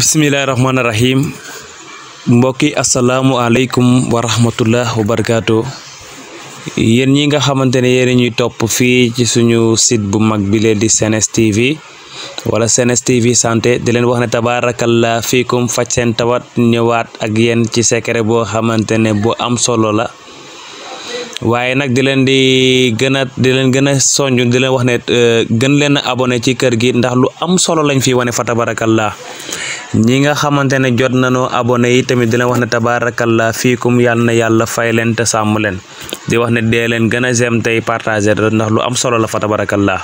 Bismillahirrahmanirrahim. Mboki assalamu alaikum warahmatullahi wabarakatuh. Yen wa barakaatu ñi nga xamantene ne ñuy ci suñu site bu mag bi le di cns TV wala cns TV santé di leen wax ne tabarakallah fiikum faj seen tawat ñëwaat ak yéen ci secret bo xamantene am solo la waye nak di leen di gëna di leen gëna soñu di leen wax ne euh, gën leen abonné ci kër gi ndax lu am solo lañ fi wane fa tabarakallah ñi nga xamante ne jot nañoo abona yi tamit di leen wax ne tabaarakallaa fiikum yàlla na yàlla fay leen te sàmm leen di wax ne dee leen gën a gëm tey partager ndax lu am solo la fa tabaarakallaa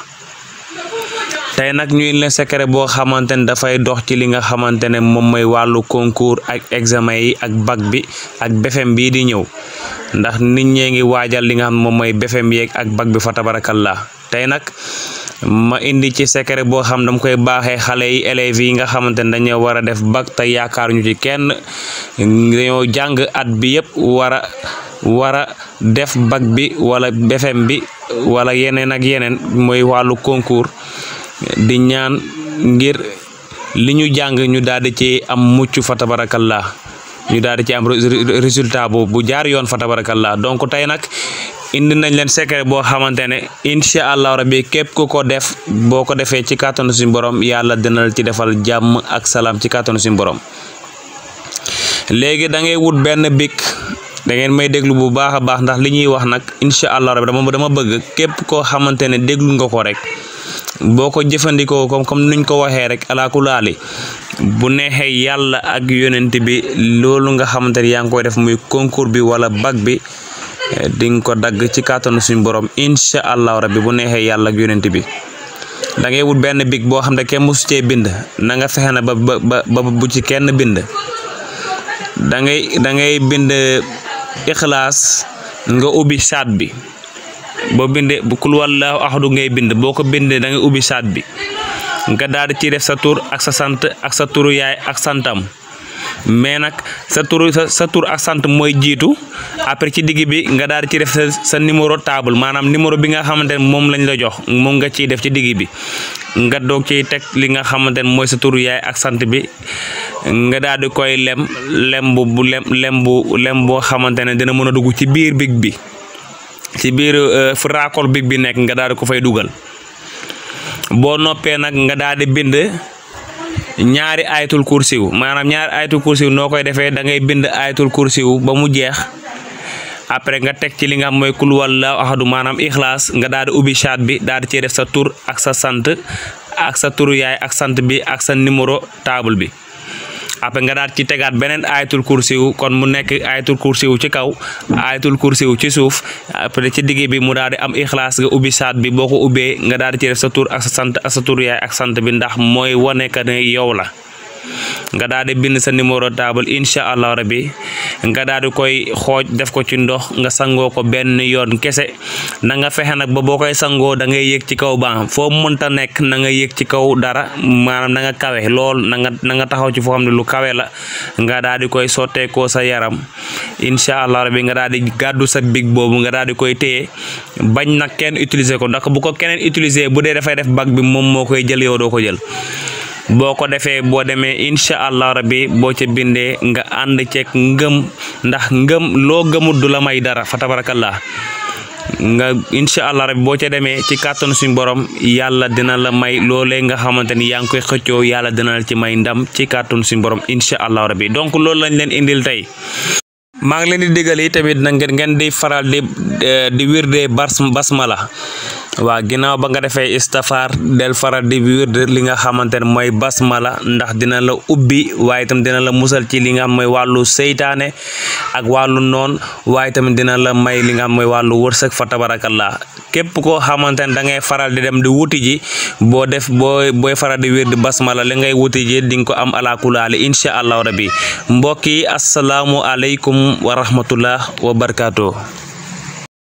tey nag ñuy leen secret boo xamante ne dafay dox ci li nga xamante ne moom mooy wàllu concours ak examen yi ak bag bi ak BFEM bii di ñëw ndax nit ñee ngi waajal li nga xam moom mooy BFEM yeeg ak bag bi fa tabaarakallaa tey nag ma indi ci secret boo xam dam koy baaxee xale yi élèves yi nga xamante ne dañoo war a def bac te yaakaaruñu ci kenn dañoo jàng at bi yëpp war a war a def bag bi wala BFEM bi wala yeneen ak yeneen mooy wàllu concours di ñaan ngir li ñu jàng ñu daal ci am mucc fa tabarakallah ñu daal di ci am résultat bu jaar yoon fa tabarakallah donc tey nag indi nañ leen secret boo xamante ne incha allah rabbi képp ku ko def boo ko defee ci kàttanu suñu borom yàlla dina ci defal jàmm ak salaam ci kàttanu suñu borom léegi da ngay wut benn bic da ngeen may déglu bu baax a baax ndax li ñuy wax nag incha allah rabbi dama dama bëgg képp koo xamante ne déglu nga ko rek. boo ko jëfandikoo comme comme nuñ ko waxee rek alaakulaali bu neexee yàlla ak yonent bi loolu nga xamante ni yaa ngi koy def muy concours bi wala bag bi eh, di nga ko dagg ci kàttanu suñu boroom incha allahu rabbi bu neexee yàlla ak yonent bi dangay wut benn big boo xam ne kenn mosu cee bind nanga nga fexe na ba ba bu ci kenn bind da dangay bind ixlaas nga ubbi saat bi. boo bindee bu kul wallaahu ahadu ngay bind boo ko bindee da nga ubbi saat bi nga daal di ci def sa tuur ak sa sant ak sa turu yaay ak santam mais nag sa tur sa tur ak sant mooy jiitu après ci digg bi nga daal di ci def sa sa numéro table maanaam numéro bi nga xamante ne moom lañ la jox moom nga ciy def ci digg bi nga doog ciy teg li nga xamante ne mooy sa turu ak sant bi nga daal di koy lem lem bu bu lem bu lem boo xamante ne dina mën a dugg ci biir big bi. ci biir eh, fu raakool big bi nek nga daal ko fay dugal bo noppé nak nga daal di bind ñaari ayatul kursiw manam ñaar ayatul kursiw wu koy defee da ngay bind ayatul kursiw ba mu jeex après nga tek ci li nga moy kul wallaahu ahadu manam ikhlas nga daal di chat bi daal ci def sa tur ak sa sant ak sa turu yaay ak sante bi ak sa numéro table bi. après nga daat ci tegaat beneen ayatul kursi wu kon mu nekk ayatul kursi wu ci kaw ayatul kursi wu ci suuf après ci digg bi mu daal di am ixlaas nga ubbi saat bi boo ko ubbee nga daal di ci sa tur ak sa sant ak sa tur yaay ak sant bi ndax mooy wane ka ne yow la nga daal di bind sa numéro table incha allah rabbi nga daal di koy xooj def ko ci ndox nga sangoo ko benn yoon kese na nga fexe nag ba boo koy sangoo da ngay yéeg ci kaw ban foo mënta nekk na nga yéeg ci kaw dara maanaam na nga kawe lool na nga na nga taxaw ci foo xam ne lu kawe la nga daal di koy sotteekoo sa yaram incha allah rabbi nga daal di gàddu sa big boobu nga daal di koy téye bañ nag kenn utiliser ko ndax bu ko keneen utiliser bu dee dafay def bag bi moom moo koy jël doo ko jël boo ko defee boo demee incha allah rabbi boo ca bindee nga ànd ceeg ngëm ndax ngëm loo gëmut du la may dara fa tabarakallah nga incha allah rabbi boo ca demee ci kàttanu suñu borom yàlla dina la may loolee nga xamante ni yaa ngi koy xëccoo yàlla dina ci may ndam ci kàttanu suñu borom incha allah rabbi donc loolu lañ leen indil tey. maa ngi leen di digal tamit na ngeen ngeen di faral di eh, di wirdee basmala wa ginaaw ba nga defé istighfar del fara di de li nga xamantene moy basmala ndax dina la ubbi waye tam dina la musal ci li nga xam mooy wàllu seytaane ak walu non waye tam dina la may li nga xam mooy wàllu wërsëg fa tabarakallah kep ko xamantene da ngay faral di dem di wuti ji bo def boy booy faral di wir di basmala li ngay wuti ji ding ko am ala kulal insha allah rabbi mbokki assalamu asalaamualeykum wa rahmatullah wa barakatuh